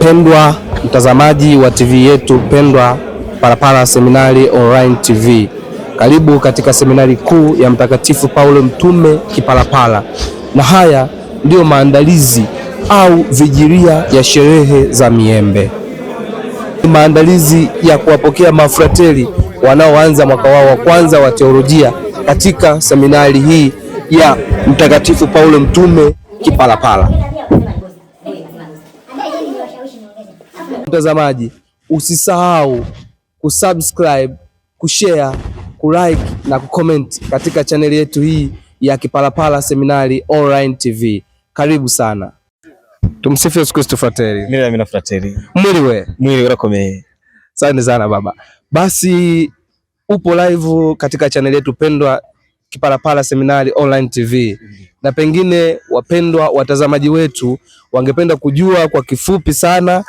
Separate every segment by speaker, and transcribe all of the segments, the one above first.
Speaker 1: Mpendwa mtazamaji wa TV yetu pendwa Parapara Seminari Online TV, karibu katika seminari kuu ya Mtakatifu Paulo Mtume Kipalapala, na haya ndiyo maandalizi au vijiria ya sherehe za miembe, maandalizi ya kuwapokea mafrateli wanaoanza mwaka wao wa kwanza wa teolojia katika seminari hii ya Mtakatifu Paulo Mtume Kipalapala. mtazamaji, usisahau kusubscribe, kushare, kulike na kucomment katika chaneli yetu hii ya Kipalapala Seminari Online TV. Karibu sana. Tumsifu Yesu Kristo. Frateri mwili we
Speaker 2: mwili wako urakome.
Speaker 1: Asante sana baba. Basi upo live katika chaneli yetu pendwa Kipalapala Seminari Online TV na pengine wapendwa watazamaji wetu wangependa kujua kwa kifupi sana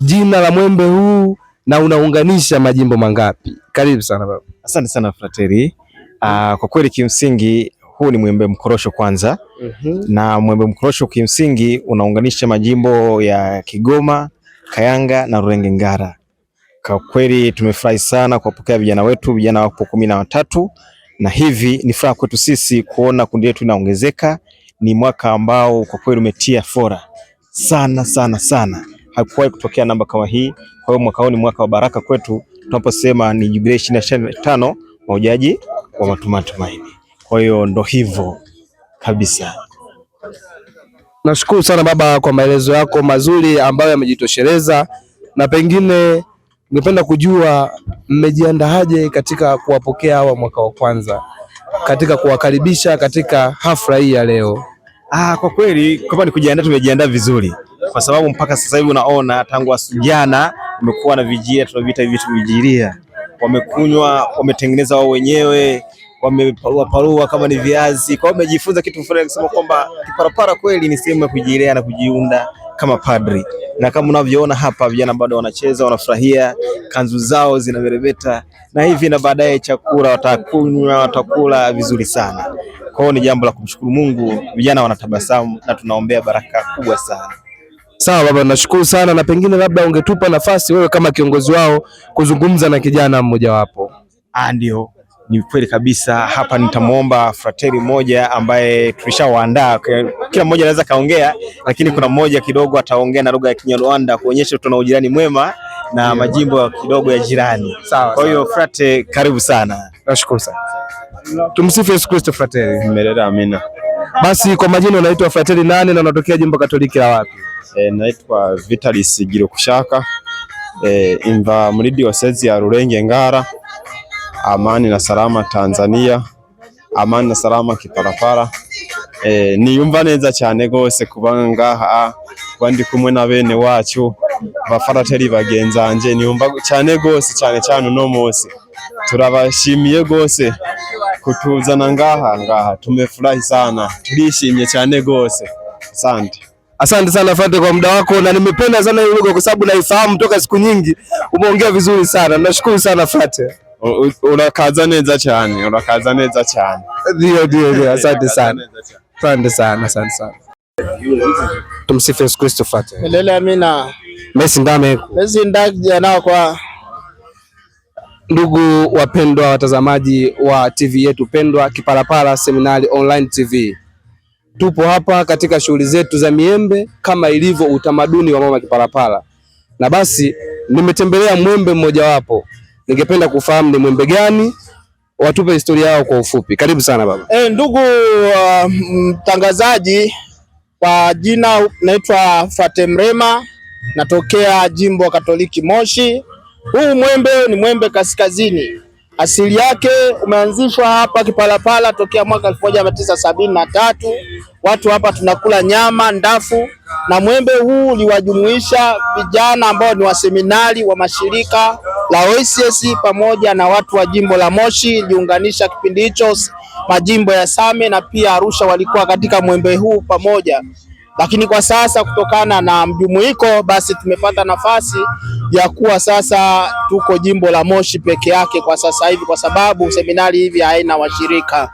Speaker 1: jina la mwembe huu na unaunganisha majimbo mangapi? Karibu sana baba.
Speaker 2: Asante sana frateri. Uh, kwa kweli kimsingi huu ni mwembe mkorosho kwanza. mm -hmm. Na mwembe mkorosho kimsingi unaunganisha majimbo ya Kigoma, Kayanga na rurenge Ngara. Kwa kweli tumefurahi sana kuwapokea vijana wetu, vijana wapo kumi na watatu na hivi ni furaha kwetu sisi kuona kundi letu linaongezeka. Ni mwaka ambao kwa kweli umetia fora sana sana sana hakuwahi kutokea namba kama hii. Kwa hiyo mwaka huu ni mwaka wa baraka kwetu, tunaposema ni jubilei ishirini na tano mahujaji wa matumatumaini. Kwa hiyo ndo hivyo kabisa.
Speaker 1: Nashukuru sana baba kwa maelezo yako mazuri ambayo yamejitosheleza, na pengine ningependa kujua mmejiandaaje katika kuwapokea hawa mwaka wa kwanza katika kuwakaribisha katika hafla hii ya leo.
Speaker 2: Ah, kwa kweli kama ni kujiandaa, tumejiandaa vizuri kwa sababu mpaka sasa hivi unaona tangu jana umekuwa na vijia, tunaviita vitu vijiria, wamekunywa wametengeneza wao wenyewe wameparua kama ni viazi kwao, wamejifunza kitu fulani, kusema kwamba kiparapara kweli ni sehemu ya kujielea na kujiunda kama padri. Na kama unavyoona hapa, vijana bado wanacheza, wanafurahia, kanzu zao zinameremeta na hivi, na baadaye chakula watakunywa, watakula vizuri sana. Kwao ni jambo la kumshukuru Mungu, vijana wanatabasamu, na tunaombea baraka kubwa sana.
Speaker 1: Sawa baba, nashukuru sana, na pengine labda ungetupa nafasi wewe kama kiongozi wao kuzungumza na kijana mmojawapo.
Speaker 2: Ah, ndio, ni kweli kabisa. Hapa nitamwomba frateri mmoja ambaye tulishawaandaa, kila mmoja anaweza kaongea, lakini kuna mmoja kidogo ataongea na lugha ya Kinyarwanda kuonyesha tuna ujirani mwema na majimbo kidogo ya jirani. Sawa. Kwa hiyo frate, karibu sana.
Speaker 1: Nashukuru sana. Tumsifu Yesu Kristo, frateri. Amina. Basi kwa majina unaitwa Frateli nani na unatokea jimbo Katoliki la wapi?
Speaker 2: E, naitwa Vitalis Girukushaka e, imva mridi wa sezi ya Rurenge Ngara. Amani na salama Tanzania, amani na salama Kiparapara. E, niyumva neza cyane gose kuba ngaha kuba ndi kumwe na bene wacu bafarateri bagenzanje niyumva cyane gose cyane cyane uno munsi turabashimiye gose kutuzana ngaha ngaha, tumefurahi sana bishimye cyane gose. Asante.
Speaker 1: Asante sana Fate kwa muda wako, na nimependa sana hiyo lugha kwa sababu naifahamu toka siku nyingi. Umeongea vizuri sana, nashukuru sana Fate.
Speaker 2: Urakaza neza cyane, urakaza neza cyane.
Speaker 1: Ndio, ndio, ndio, asante sana, asante sana, asante sana. Tumsifu Yesu Kristo. Fate.
Speaker 3: Lele amina.
Speaker 1: Mesi ndame.
Speaker 3: Mesi ndaje nao kwa
Speaker 1: Ndugu wapendwa watazamaji wa TV yetu pendwa Kipalapala Seminari Online TV, tupo hapa katika shughuli zetu za miembe kama ilivyo utamaduni wa mama Kipalapala, na basi nimetembelea mwembe mmojawapo. Ningependa kufahamu ni mwembe gani, watupe historia yao kwa ufupi. Karibu sana baba.
Speaker 3: Hey, eh, ndugu uh, mtangazaji, kwa jina naitwa Fatemrema, natokea jimbo Katoliki Moshi huu mwembe ni mwembe kaskazini, asili yake umeanzishwa hapa Kipalapala tokea mwaka elfu moja mia tisa sabini na tatu. Watu hapa tunakula nyama ndafu, na mwembe huu uliwajumuisha vijana ambao ni waseminari wa mashirika la OCS pamoja na watu wa jimbo la Moshi. Iliunganisha kipindi hicho majimbo ya Same na pia Arusha, walikuwa katika mwembe huu pamoja lakini kwa sasa kutokana na mjumuiko, basi tumepata nafasi ya kuwa sasa tuko jimbo la Moshi peke yake kwa sasa hivi, kwa sababu seminari hivi haina washirika.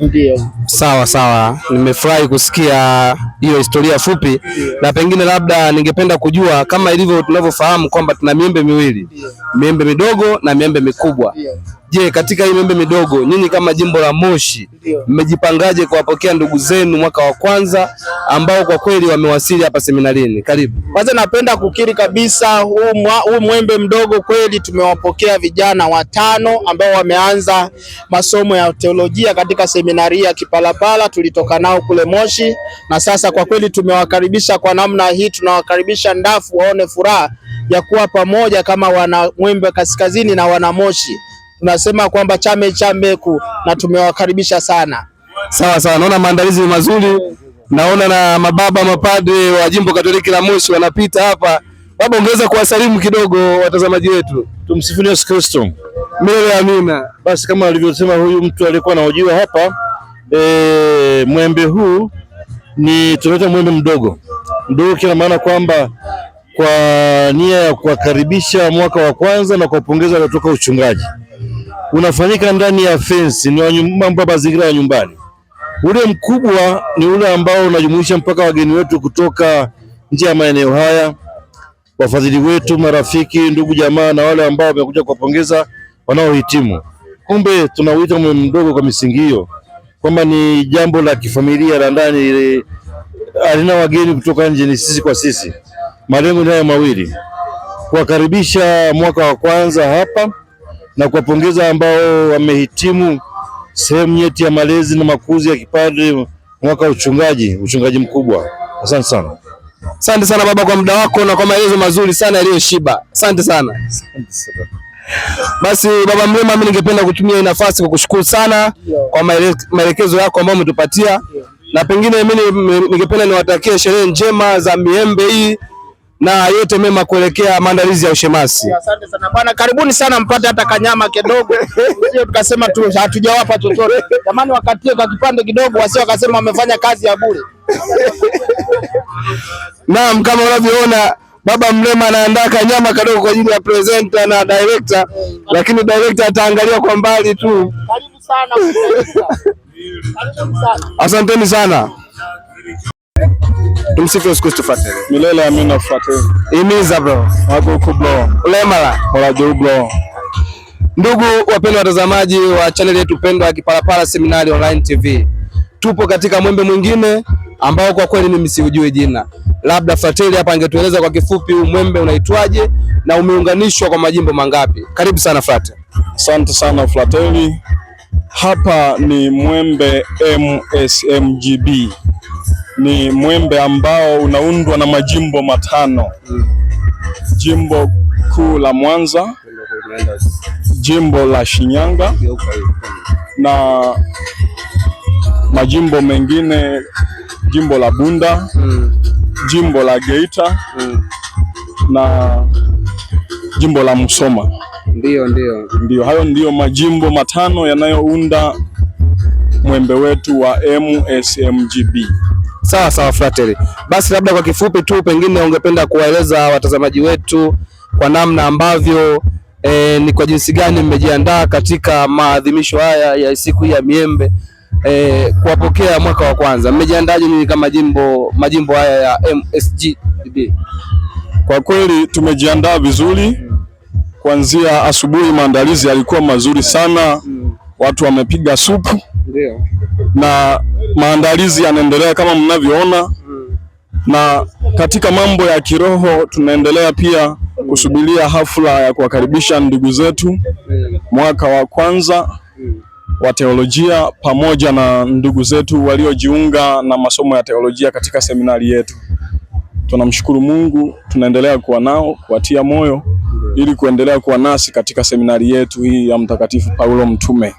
Speaker 1: Ndio, sawa sawa. Nimefurahi kusikia hiyo historia fupi Ndiyo. Na pengine labda ningependa kujua kama ilivyo tunavyofahamu kwamba tuna miembe miwili miembe midogo na miembe mikubwa Ndiyo. Je, katika hii miembe midogo nyinyi kama jimbo la Moshi mmejipangaje kuwapokea ndugu zenu mwaka wa kwanza ambao kwa kweli wamewasili hapa seminarini? Karibu.
Speaker 3: Kwanza napenda kukiri kabisa huu, huu mwembe mdogo kweli tumewapokea vijana watano ambao wameanza masomo ya teolojia katika seminari ya Kipalapala tulitoka nao kule Moshi, na sasa kwa kweli tumewakaribisha kwa namna hii, tunawakaribisha ndafu waone furaha ya kuwa pamoja kama wana Mwembe Kaskazini na wana Moshi tunasema kwamba chame chame ku na tumewakaribisha sana.
Speaker 1: Sawa sawa, naona maandalizi ni mazuri, naona na mababa mapadre wa jimbo Katoliki la Moshi wanapita hapa. Baba, ungeweza kuwasalimu kidogo watazamaji wetu? Tumsifuni Yesu Kristo.
Speaker 3: Milele amina.
Speaker 1: Basi kama alivyosema huyu mtu alikuwa anahojiwa hapa e, mwembe huu ni tunaita mwembe mdogo mdogo, kina maana kwamba kwa nia ya kuwakaribisha mwaka wa kwanza na kuwapongeza waliotoka uchungaji unafanyika ndani ya fence, ni mambo ya mazingira ya nyumbani. Ule mkubwa ni ule ambao unajumuisha mpaka wageni wetu kutoka nje ya maeneo haya, wafadhili wetu, marafiki, ndugu, jamaa na wale ambao wamekuja kuwapongeza wanaohitimu. Kumbe tunauita mwe mdogo kwa misingi hiyo, kwamba ni jambo la kifamilia la ndani, ile alina wageni kutoka nje, ni sisi kwa sisi. Malengo ni haya mawili, kuwakaribisha mwaka wa kwanza hapa na kuwapongeza ambao wamehitimu sehemu nyeti ya malezi na makuzi ya kipande mwaka wa uchungaji, uchungaji mkubwa. Asante sana.
Speaker 3: Asante sana baba kwa muda wako na kwa maelezo mazuri sana yaliyoshiba. Asante sana. Asante sana.
Speaker 1: Basi baba Mrema, mimi ningependa kutumia nafasi kwa kushukuru sana kwa maelekezo yako ambayo umetupatia, na pengine mimi ningependa niwatakie sherehe njema za miembe hii na yote mema kuelekea maandalizi ya ushemasi. Asante
Speaker 3: sana bwana, karibuni sana, mpate hata kanyama kidogo, sio tukasema tu hatujawapa chochote. Jamani, wakatie kwa kipande kidogo, wasio wakasema wamefanya kazi ya bure.
Speaker 1: Naam, kama unavyoona Baba Mrema anaandaa kanyama kadogo kwa ajili ya presenter na director, eh, lakini director ataangalia kwa mbali tu. Karibu sana. Asanteni sana. Tumsifu Yesu Kristo fratele.
Speaker 2: Milele amina fratele.
Speaker 1: Imiza bro. Wako Wago kublo. Ulemala. Olajo bro. Ndugu wapendwa watazamaji wa channel yetu pendwa ya Kipalapala Seminari Online TV. Tupo katika mwembe mwingine ambao kwa kweli mimi siujui jina. Labda fratele hapa angetueleza kwa kifupi huu mwembe unaitwaje na umeunganishwa kwa majimbo mangapi? Karibu sana frate.
Speaker 2: Asante sana frateli. Hapa ni mwembe MSMGB ni mwembe ambao unaundwa na majimbo matano mm. Jimbo kuu la Mwanza, jimbo la Shinyanga na majimbo mengine, jimbo la Bunda mm. jimbo la Geita mm. na jimbo la Musoma.
Speaker 1: Ndio, ndio,
Speaker 2: ndio, hayo ndio majimbo matano yanayounda mwembe wetu wa MSMGB.
Speaker 1: Sawa sawa frateli. Basi labda kwa kifupi tu, pengine ungependa kuwaeleza watazamaji wetu kwa namna ambavyo e, ni kwa jinsi gani mmejiandaa katika maadhimisho haya ya siku ya miembe e, kuwapokea mwaka wa kwanza, mmejiandaje nini kama jimbo majimbo haya ya MSG?
Speaker 2: Kwa kweli tumejiandaa vizuri kuanzia asubuhi, maandalizi yalikuwa mazuri sana, watu wamepiga supu na maandalizi yanaendelea kama mnavyoona, na katika mambo ya kiroho tunaendelea pia kusubiria hafla ya kuwakaribisha ndugu zetu mwaka wa kwanza wa teolojia pamoja na ndugu zetu waliojiunga na masomo ya teolojia katika seminari yetu. Tunamshukuru Mungu, tunaendelea kuwa nao, kuwatia moyo ili kuendelea kuwa nasi katika seminari yetu hii ya Mtakatifu Paulo Mtume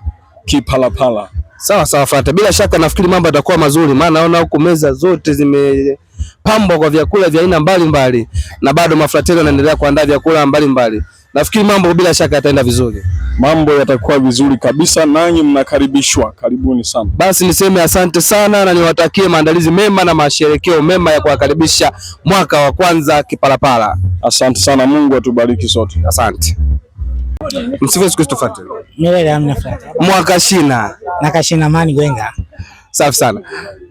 Speaker 2: Kipalapala.
Speaker 1: Sawa sawa Fanta, bila shaka nafikiri mambo yatakuwa mazuri, maana naona huku meza zote zimepambwa kwa vyakula vya aina mbalimbali na bado mafrateli wanaendelea kuandaa vyakula mbalimbali. Nafikiri mambo bila shaka yataenda vizuri,
Speaker 2: mambo yatakuwa vizuri kabisa, nanyi mnakaribishwa, karibuni sana.
Speaker 1: Basi niseme asante sana na niwatakie maandalizi mema na masherekeo mema ya kuwakaribisha mwaka wa kwanza Kipalapala.
Speaker 2: Asante sana, Mungu atubariki sote, asante.
Speaker 1: Msifu siku tufuate.
Speaker 3: Milele amna fuata.
Speaker 1: Mwakashina.
Speaker 3: Na kashina mani gwenga.
Speaker 1: Safi sana.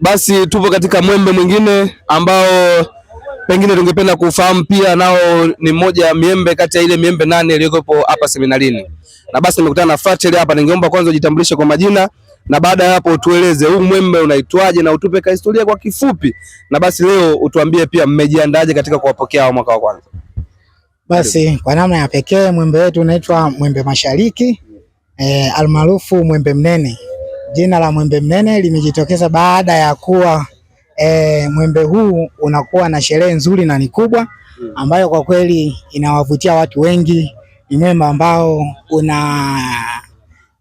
Speaker 1: Basi tupo katika mwembe mwingine ambao pengine tungependa kufahamu pia, nao ni mmoja ya miembe kati ya ile miembe nane iliyokuwepo hapa seminarini. Na basi nimekutana na Fateli hapa, ningeomba kwanza ujitambulishe kwa majina na baada ya hapo utueleze huu mwembe unaitwaje na utupe historia kwa kifupi, na basi leo utuambie pia mmejiandaje katika kuwapokea wa mwaka wa kwanza.
Speaker 3: Basi kwa namna ya pekee mwembe wetu unaitwa mwembe mashariki e, almaarufu mwembe mnene. Jina la mwembe mnene limejitokeza baada ya kuwa e, mwembe huu unakuwa na sherehe nzuri na ni kubwa, ambayo kwa kweli inawavutia watu wengi. Ni mwembe ambao una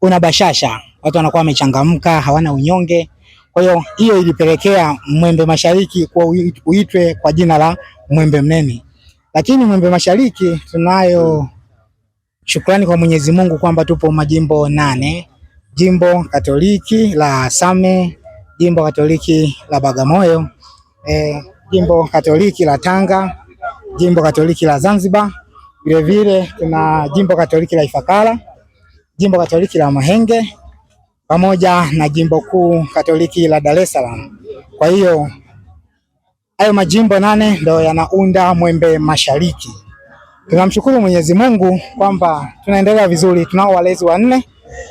Speaker 3: una bashasha, watu wanakuwa wamechangamka, hawana unyonge. Kwa hiyo hiyo ilipelekea mwembe mashariki kuwa uitwe kwa jina la mwembe mnene. Lakini Mwembe Mashariki tunayo shukrani kwa Mwenyezi Mungu kwamba tupo majimbo nane, jimbo Katoliki la Same, jimbo Katoliki la Bagamoyo, e, jimbo Katoliki la Tanga, jimbo Katoliki la Zanzibar, vilevile tuna jimbo Katoliki la Ifakara, jimbo Katoliki la Mahenge pamoja na jimbo kuu Katoliki la Dar es Salaam. Kwa hiyo Hayo majimbo nane ndo yanaunda Mwembe Mashariki. Tunamshukuru Mwenyezi Mungu kwamba tunaendelea vizuri. Tunao walezi wanne,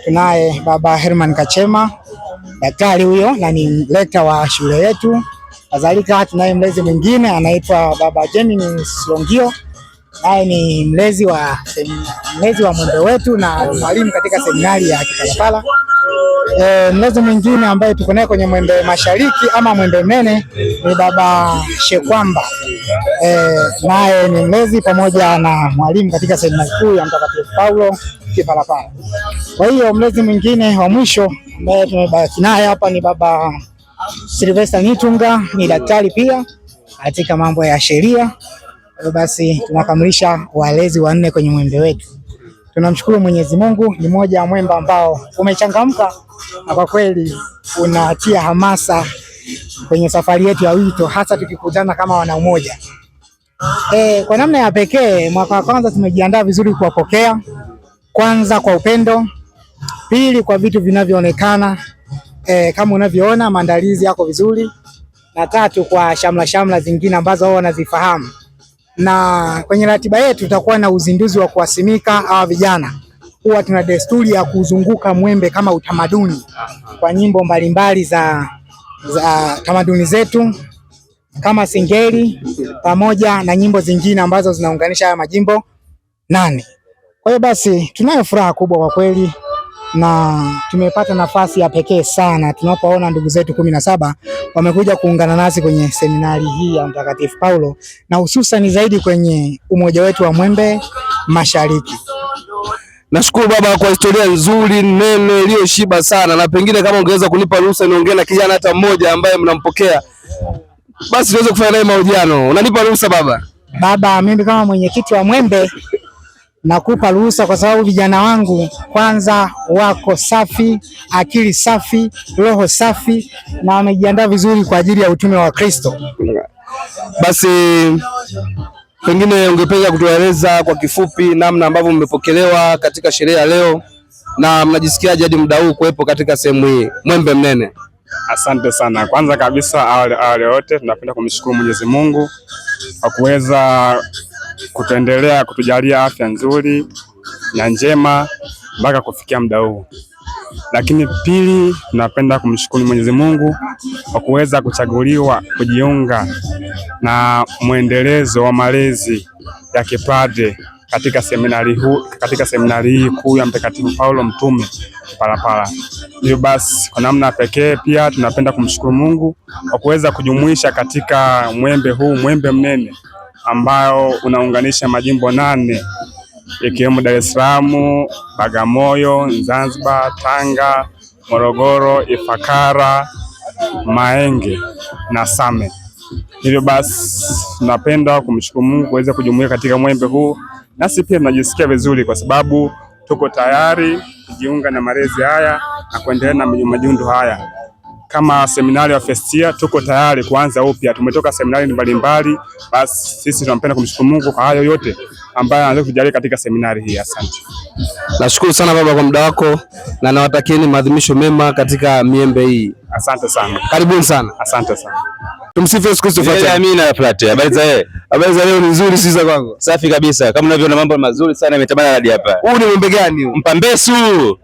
Speaker 3: tunaye Baba Herman Kachema, daktari huyo na ni lekta wa shule yetu. Kadhalika tunaye mlezi mwingine anaitwa Baba Jemini Songio, Naye ni mlezi wa mlezi wa mwembe wetu na mwalimu katika seminari ya Kipalapala. E, eh, mlezi mwingine ambaye tuko naye kwenye mwembe mashariki ama mwembe mnene ni baba Shekwamba. E, naye ni mlezi pamoja na mwalimu katika seminari kuu ya Mtakatifu Paulo Kipalapala. Kwa hiyo mlezi mwingine wa mwisho ambaye tumebaki naye hapa ni baba Silvester Nitunga, ni daktari pia katika mambo ya sheria basi tunakamilisha walezi wanne kwenye mwembe wetu. Tunamshukuru Mwenyezi Mungu, ni moja ya mwembe ambao umechangamka na kwa kweli unatia hamasa kwenye safari yetu ya wito, hasa tukikutana kama wana umoja. E, kwa namna ya pekee mwaka wa kwanza tumejiandaa vizuri kuwapokea, kwanza kwa upendo, pili kwa vitu vinavyoonekana e, kama unavyoona maandalizi yako vizuri, na tatu kwa shamla shamla zingine ambazo wao wanazifahamu na kwenye ratiba yetu tutakuwa na uzinduzi wa kuwasimika hawa ah, vijana. Huwa tuna desturi ya kuzunguka mwembe kama utamaduni kwa nyimbo mbalimbali za, za tamaduni zetu kama singeli pamoja na nyimbo zingine ambazo zinaunganisha haya majimbo nane. Kwa hiyo basi tunayo furaha kubwa kwa kweli na tumepata nafasi ya pekee sana tunapoona ndugu zetu kumi na saba wamekuja kuungana nasi kwenye seminari hii ya Mtakatifu Paulo na hususani zaidi kwenye umoja wetu wa Mwembe Mashariki.
Speaker 1: Nashukuru baba kwa historia nzuri nene iliyoshiba sana, na pengine kama ungeweza kunipa ruhusa niongee na kijana hata mmoja ambaye mnampokea, basi niweze kufanya naye mahojiano. Unanipa ruhusa baba?
Speaker 3: Baba, mimi kama mwenyekiti wa Mwembe Nakupa ruhusa kwa sababu vijana wangu kwanza wako safi, akili safi, roho safi na wamejiandaa vizuri kwa ajili ya utume wa Kristo.
Speaker 1: Basi pengine ungependa kutueleza kwa kifupi namna ambavyo mmepokelewa katika sherehe ya leo na mnajisikiaje hadi muda huu kuwepo katika sehemu hii Mwembe Mnene?
Speaker 2: Asante sana. Kwanza kabisa, awali yote tunapenda kumshukuru Mwenyezi Mungu kwa kuweza kutuendelea kutujalia afya nzuri na njema mpaka kufikia muda huu. Lakini pili, tunapenda kumshukuru Mwenyezi Mungu kwa kuweza kuchaguliwa kujiunga na mwendelezo wa malezi ya kipade katika seminari huu, katika seminari hii kuu ya Mtakatifu Paulo Mtume Palapala. Hivyo basi, kwa namna pekee pia tunapenda kumshukuru Mungu kwa kuweza kujumuisha katika mwembe huu, mwembe mnene ambao unaunganisha majimbo nane ikiwemo Dar es Salaam, Bagamoyo, Zanzibar, Tanga, Morogoro, Ifakara, Maenge na Same. Hivyo basi napenda kumshukuru Mungu kuweza kujumuika katika mwembe huu, nasi pia tunajisikia vizuri kwa sababu tuko tayari kujiunga na malezi haya na kuendelea na majundo haya kama seminari ya Festia tuko tayari kuanza upya. Tumetoka seminari mbalimbali, basi sisi tunampenda kumshukuru Mungu kwa hayo yote ambayo anaweza kutujalia katika seminari hii. Asante,
Speaker 1: nashukuru sana baba kwa muda wako, na nawatakieni maadhimisho mema katika miembe hii.
Speaker 2: Asante sana,
Speaker 1: karibuni sana, asante sana. Tumsifu Yesu Kristo. Habari
Speaker 2: za yeye? Habari za leo ni nzuri sisi kwangu. Safi kabisa. Kama unavyoona mambo mazuri sana yametamana hadi hapa.
Speaker 1: Huu ni mwembe gani huu?
Speaker 2: Mpambesu.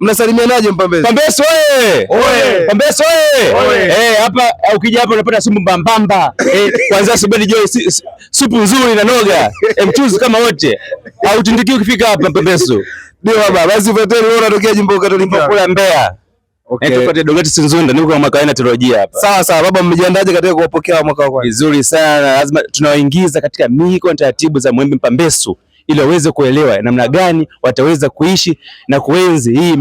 Speaker 2: Mnasalimianaje Mpambezi?
Speaker 1: Mpambezi oye! Oye! Mpambezi oye!
Speaker 2: Eh, hapa ukija hapa unapata simu mbambamba. Eh, kwanza joy subiri si, supu nzuri na noga. Eh, mchuzi kama wote. Au tindiki ukifika hapa Mpambezi.
Speaker 1: Ndio baba, basi ufuateni leo unatokea jimbo Katolika kule Mbeya. Okay. Eh, tupate Dogati ndio kwa mwaka wa teolojia hapa.
Speaker 2: Sawa sawa, baba mmejiandaje katika kuwapokea mwaka wa kwanza? Vizuri sana. Lazima tunawaingiza katika miko na taratibu za Mwembe Mpambesu ili waweze kuelewa namna gani wataweza kuishi na kuenzi hii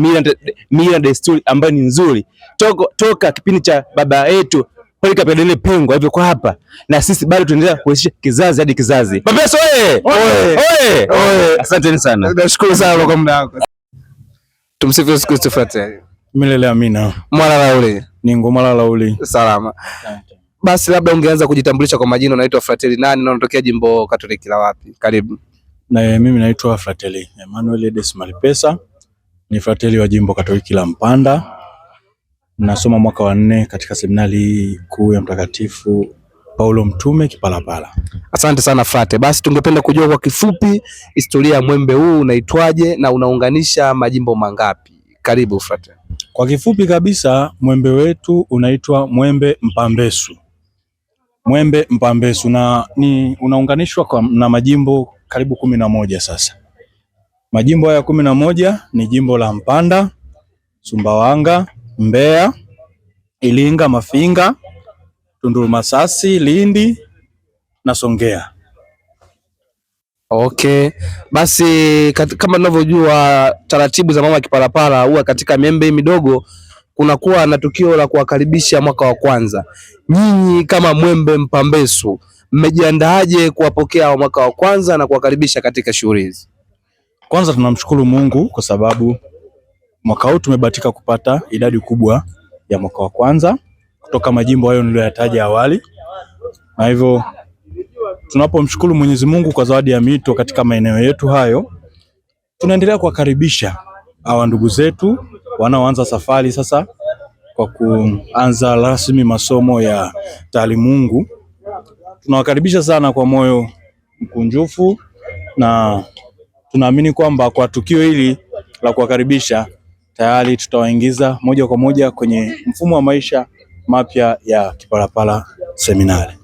Speaker 2: mila na desturi ambayo ni nzuri toko, toka kipindi cha baba yetu Polycarp Pengo alivyokuwa hapa, na sisi bado tunaendelea kuhesisha kizazi hadi kizazi.
Speaker 1: Mapeso oye!
Speaker 2: Oye! Oye!
Speaker 1: Asanteni sana, nashukuru sana kwa muda wako. Tumsifu Yesu Kristo. Fratelli
Speaker 2: milele amina.
Speaker 1: Mwalala ule
Speaker 2: ni ngomala ule
Speaker 1: salama. Basi labda ungeanza kujitambulisha kwa majina, unaitwa Fratelli nani na unatokea jimbo Katoliki la wapi? Karibu.
Speaker 2: Na eh, mimi naitwa Frateli Emmanuel Edes Malipesa, ni frateli wa Jimbo Katoliki la Mpanda. Nasoma mwaka wa nne katika seminari kuu ya Mtakatifu Paulo Mtume Kipalapala.
Speaker 1: Asante sana frate. Basi tungependa kujua kwa kifupi historia ya mwembe huu unaitwaje na unaunganisha majimbo mangapi? Karibu frate.
Speaker 2: Kwa kifupi kabisa, mwembe wetu unaitwa mwembe mpambesu, mwembe mpambesu na ni unaunganishwa na majimbo karibu kumi na moja sasa. Majimbo haya kumi na moja ni jimbo la Mpanda, Sumbawanga, Mbeya, Ilinga, Mafinga, Tunduru, Masasi, Lindi na Songea.
Speaker 1: Okay, basi kat, kama tunavyojua taratibu za mama Kipalapala huwa katika miembe midogo kunakuwa na tukio la kuwakaribisha mwaka wa kwanza. Nyinyi kama Mwembe Mpambesu mmejiandaaje kuwapokea wa mwaka wa kwanza na kuwakaribisha katika shughuli hizi?
Speaker 2: Kwanza tunamshukuru Mungu kwa sababu mwaka huu tumebahatika kupata idadi kubwa ya mwaka wa kwanza kutoka majimbo hayo niliyoyataja awali, na hivyo tunapomshukuru Mwenyezi Mungu kwa zawadi ya mito katika maeneo yetu hayo, tunaendelea kuwakaribisha hawa ndugu zetu wanaoanza safari sasa kwa kuanza rasmi masomo ya taalimungu tunawakaribisha sana kwa moyo mkunjufu na tunaamini kwamba kwa tukio hili la kuwakaribisha tayari tutawaingiza moja kwa moja kwenye mfumo wa maisha mapya ya Kipalapala Seminari.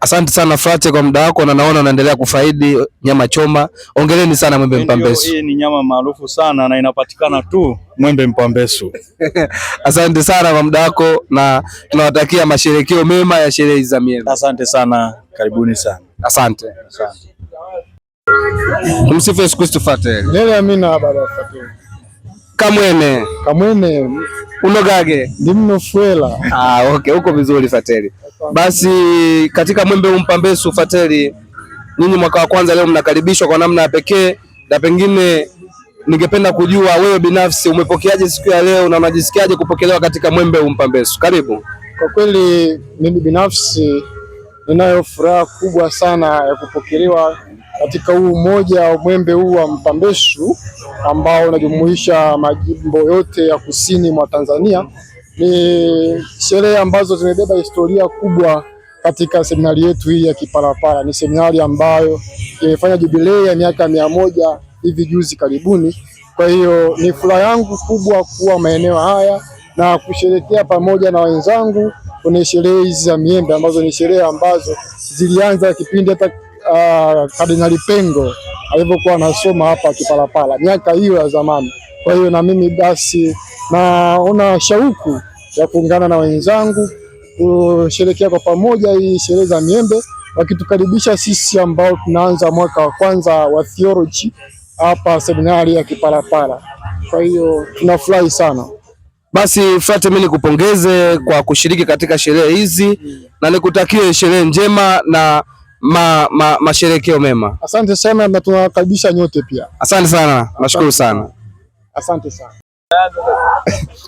Speaker 1: Asante sana Frate kwa muda wako, na naona unaendelea kufaidi nyama choma. Ongeleni sana Mwembe Mpambesu.
Speaker 2: Hii ni nyama maarufu sana na inapatikana tu Mwembe Mpambesu.
Speaker 1: Asante sana kwa muda wako, na tunawatakia masherekeo mema ya sherehe za miezi.
Speaker 2: Asante sana, karibuni sana.
Speaker 1: Asante, sana. Tumsifu Yesu Kristo Frate.
Speaker 3: Amina baba Frate.
Speaker 1: Kamwene.
Speaker 3: Kamwene.
Speaker 1: Unogage.
Speaker 3: Ndi mnofuela.
Speaker 1: Ah, okay, uko vizuri Fateli. Basi katika mwembe umpambesu Fateli, nyinyi mwaka wa kwanza leo mnakaribishwa kwa namna ya pekee, na pengine ningependa kujua wewe binafsi umepokeaje siku ya leo na unajisikiaje kupokelewa katika mwembe umpambesu? Karibu.
Speaker 3: Kwa kweli mimi binafsi Ninayo furaha kubwa sana ya kupokelewa katika huu umoja wa mwembe huu wa Mpambeshu ambao unajumuisha majimbo yote ya kusini mwa Tanzania. Ni sherehe ambazo zimebeba historia kubwa katika seminari yetu hii ya Kipalapala. Ni seminari ambayo imefanya jubilei ya miaka mia moja hivi juzi karibuni. Kwa hiyo ni furaha yangu kubwa kuwa maeneo haya na kusherekea pamoja na wenzangu kwenye sherehe hizi za miembe ambazo ni sherehe ambazo zilianza kipindi hata uh, ah, Kardinali Pengo alivyokuwa anasoma hapa Kipalapala miaka hiyo ya zamani. Kwa hiyo na mimi basi naona shauku ya kuungana na wenzangu kusherekea kwa pamoja hii sherehe za miembe, wakitukaribisha sisi ambao tunaanza mwaka wa kwanza wa theology hapa seminari ya Kipalapala. Kwa hiyo tunafurahi sana.
Speaker 1: Basi Frate, mimi nikupongeze kwa kushiriki katika sherehe hizi na nikutakie sherehe njema na ma, ma, masherekeo mema.
Speaker 3: Asante sana na tunawakaribisha nyote pia.
Speaker 1: Asante sana, nashukuru sana. Asante sana.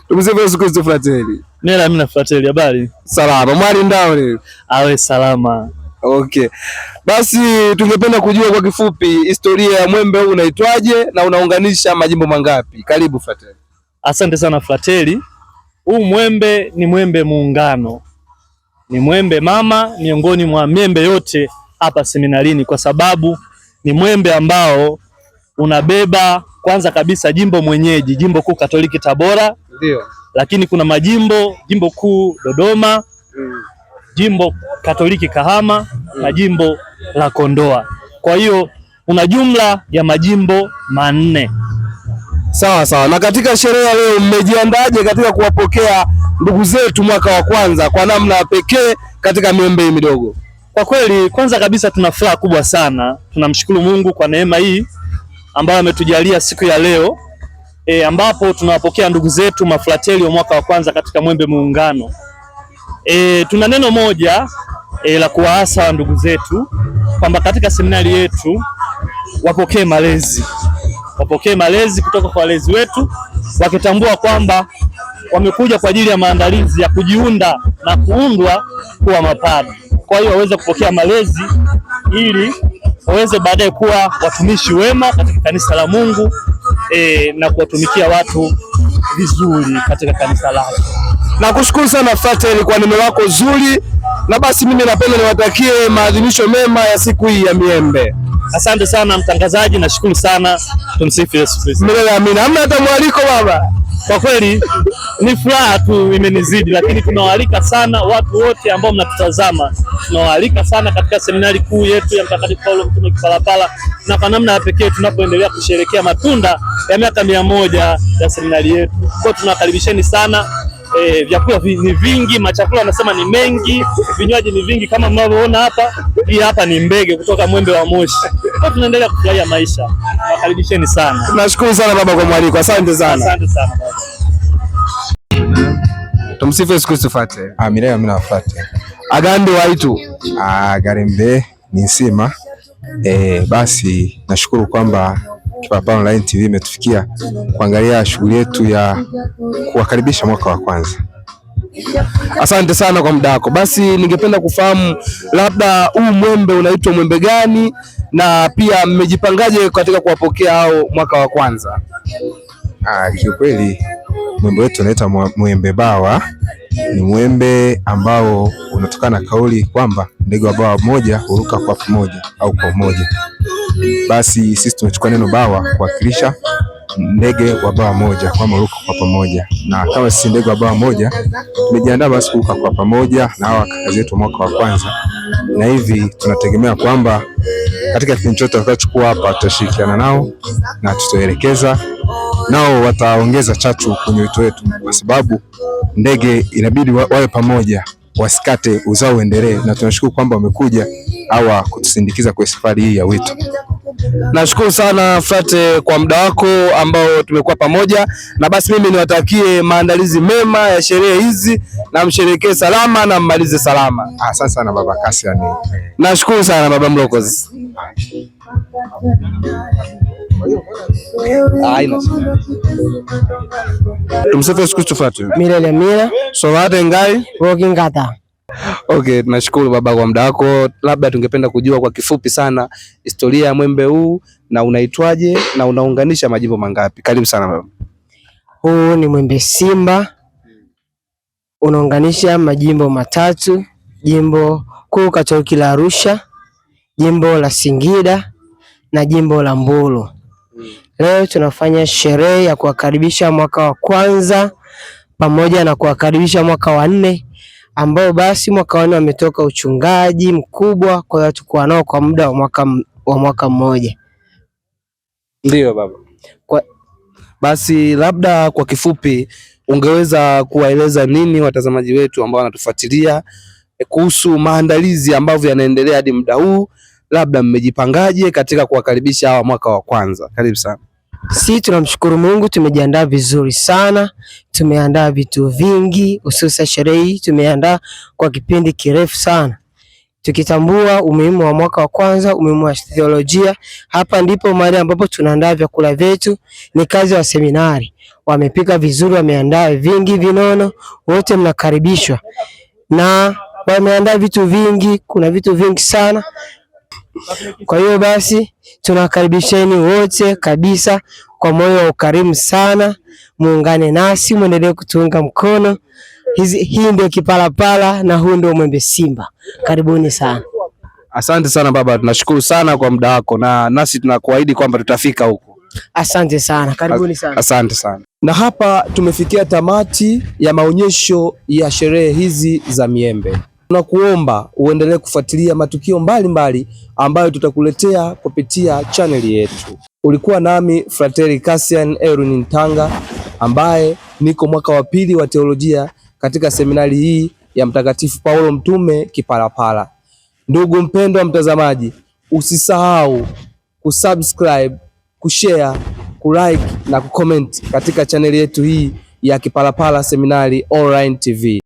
Speaker 1: Tumsifu Yesu Kristo Fratelli.
Speaker 2: Nera mimi na Fratelli habari?
Speaker 1: Salama. Mwari ndao ni.
Speaker 2: Awe salama.
Speaker 1: Okay. Basi tungependa kujua kwa kifupi historia ya mwembe huu unaitwaje na unaunganisha majimbo mangapi? Karibu Fratelli.
Speaker 2: Asante sana frateli. Huu mwembe ni mwembe muungano, ni mwembe mama miongoni mwa miembe yote hapa seminarini, kwa sababu ni mwembe ambao unabeba kwanza kabisa jimbo mwenyeji, jimbo kuu Katoliki Tabora, ndio, lakini kuna majimbo, jimbo kuu Dodoma, mm. jimbo Katoliki Kahama, mm. na jimbo la Kondoa. Kwa hiyo una jumla ya majimbo manne.
Speaker 1: Sawa sawa. Na katika sherehe ya leo mmejiandaje katika kuwapokea ndugu zetu mwaka wa kwanza kwa namna pekee katika miembe hii midogo? Kwa kweli, kwanza kabisa tuna furaha kubwa sana, tunamshukuru Mungu kwa neema hii ambayo ametujalia siku ya leo e, ambapo tunawapokea ndugu zetu mafrateli wa mwaka wa kwanza katika mwembe muungano. E, tuna neno moja e, la kuwaasa ndugu zetu kwamba katika seminari yetu wapokee malezi wapokee malezi kutoka kwa walezi wetu, wakitambua kwamba wamekuja kwa ajili ya maandalizi ya kujiunda na kuundwa kuwa mapadri. Kwa hiyo waweze kupokea malezi ili waweze baadaye kuwa watumishi wema katika kanisa la Mungu e, na kuwatumikia watu vizuri katika kanisa lake. Nakushukuru sana Frateli kwa neno lako zuri, na basi mimi napenda niwatakie maadhimisho mema ya siku hii ya miembe.
Speaker 2: Asante sana mtangazaji, nashukuru sana. Tumsifu Yesu Kristo.
Speaker 1: Milele amina. Hamna hata mwaliko baba, kwa kweli ni furaha tu imenizidi, lakini tunawaalika sana watu wote ambao mnatutazama, tunawaalika sana katika seminari kuu yetu ya Mtakatifu Paulo Mtume Kipalapala, na kwa namna ya pekee tunapoendelea kusherekea matunda ya miaka mia moja ya seminari yetu, kwa tunakaribisheni sana E, vyakula ni vingi, machakula anasema ni mengi, vinywaji ni vingi kama mnavyoona hapa. Hii hapa ni mbege kutoka mwembe wa Moshi. Kwa tunaendelea kufurahia maisha, nakaribisheni sana. Tunashukuru sana baba kwa mwaliko, asante sana, asante sana baba. Tumsifu Yesu Kristo. Fate
Speaker 2: amira amina afate
Speaker 1: agandi waitu
Speaker 2: ah, garembe ni nsima. Eh, basi nashukuru kwamba Kipalapala Online TV imetufikia kuangalia shughuli yetu ya kuwakaribisha mwaka wa kwanza.
Speaker 1: Asante sana kwa muda wako. Basi ningependa kufahamu labda huu mwembe unaitwa mwembe gani na pia mmejipangaje katika kuwapokea hao mwaka wa kwanza?
Speaker 2: Ah, kiukweli mwembe wetu unaitwa mwembe bawa. Ni mwembe ambao unatokana na kauli kwamba ndege wa bawa moja huruka kwa pamoja au kwa umoja basi sisi tunachukua neno bawa kuwakilisha ndege wa bawa moja kwa maruka kwa pamoja, na kama sisi ndege wa bawa moja tumejiandaa basi kuruka kwa pamoja na hawa kaka zetu mwaka wa kwanza, na hivi tunategemea kwamba katika kipindi chote watachukua hapa, tutashirikiana nao na tutaelekeza nao, wataongeza chachu kwenye wito wetu, kwa sababu ndege inabidi wawe pamoja wasikate, uzao uendelee, na tunashukuru kwamba wamekuja hawa kutusindikiza kwa safari hii ya wito.
Speaker 1: Nashukuru sana Frate kwa muda wako ambao tumekuwa pamoja na. Basi mimi niwatakie maandalizi mema ya sherehe hizi, na msherekee salama na mmalize salama.
Speaker 2: Asante sana baba Kasiani,
Speaker 1: nashukuru sana baba Mlokozi. Tumsifu Yesu Kristo. milele ngai
Speaker 3: wokingata.
Speaker 1: Okay, tunashukuru baba kwa muda wako. Labda tungependa kujua kwa kifupi sana historia ya mwembe huu na unaitwaje na unaunganisha majimbo mangapi? Karibu sana baba.
Speaker 3: Huu ni mwembe Simba, unaunganisha majimbo matatu: jimbo kuu Katoliki la Arusha, jimbo la Singida na jimbo la Mbulu. Leo tunafanya sherehe ya kuwakaribisha mwaka wa kwanza pamoja na kuwakaribisha mwaka wa nne ambao basi mwaka wa nne wametoka uchungaji mkubwa, kwa hiyo tukuwa nao kwa muda wa mwaka wa mwaka mmoja.
Speaker 1: ndio baba. Kwa... basi labda kwa kifupi ungeweza kuwaeleza nini watazamaji wetu ambao wanatufuatilia eh, kuhusu maandalizi ambavyo yanaendelea hadi muda huu labda mmejipangaje katika kuwakaribisha hawa mwaka wa kwanza? Karibu sana.
Speaker 3: Si tunamshukuru Mungu, tumejiandaa vizuri sana, tumeandaa vitu vingi, hususa sherehe hii tumeandaa kwa kipindi kirefu sana, tukitambua umuhimu wa mwaka wa kwanza, umuhimu wa theolojia. Hapa ndipo mahali ambapo tunaandaa vyakula vyetu, ni kazi ya seminari, wamepika vizuri, wameandaa vingi vinono, wote mnakaribishwa na wameandaa vitu vingi, kuna vitu vingi sana kwa hiyo basi tunakaribisheni wote kabisa kwa moyo wa ukarimu sana, muungane nasi, mwendelee kutuunga mkono. Hizi, hii ndio Kipalapala na huu ndio Mwembe Simba. Karibuni sana.
Speaker 1: Asante sana baba, tunashukuru sana kwa muda wako na nasi tunakuahidi kwamba tutafika huko.
Speaker 3: Asante sana, karibuni sana.
Speaker 1: Asante sana. Na hapa tumefikia tamati ya maonyesho ya sherehe hizi za miembe. Tunakuomba uendelee kufuatilia matukio mbalimbali mbali ambayo tutakuletea kupitia chaneli yetu. Ulikuwa nami Frateri Cassian Erwin Ntanga ambaye niko mwaka wa pili wa teolojia katika seminari hii ya Mtakatifu Paulo Mtume Kipalapala. Ndugu mpendwa mtazamaji, usisahau kusubscribe, kushare, kulike na kucomment katika chaneli yetu hii ya Kipalapala Seminari Online TV.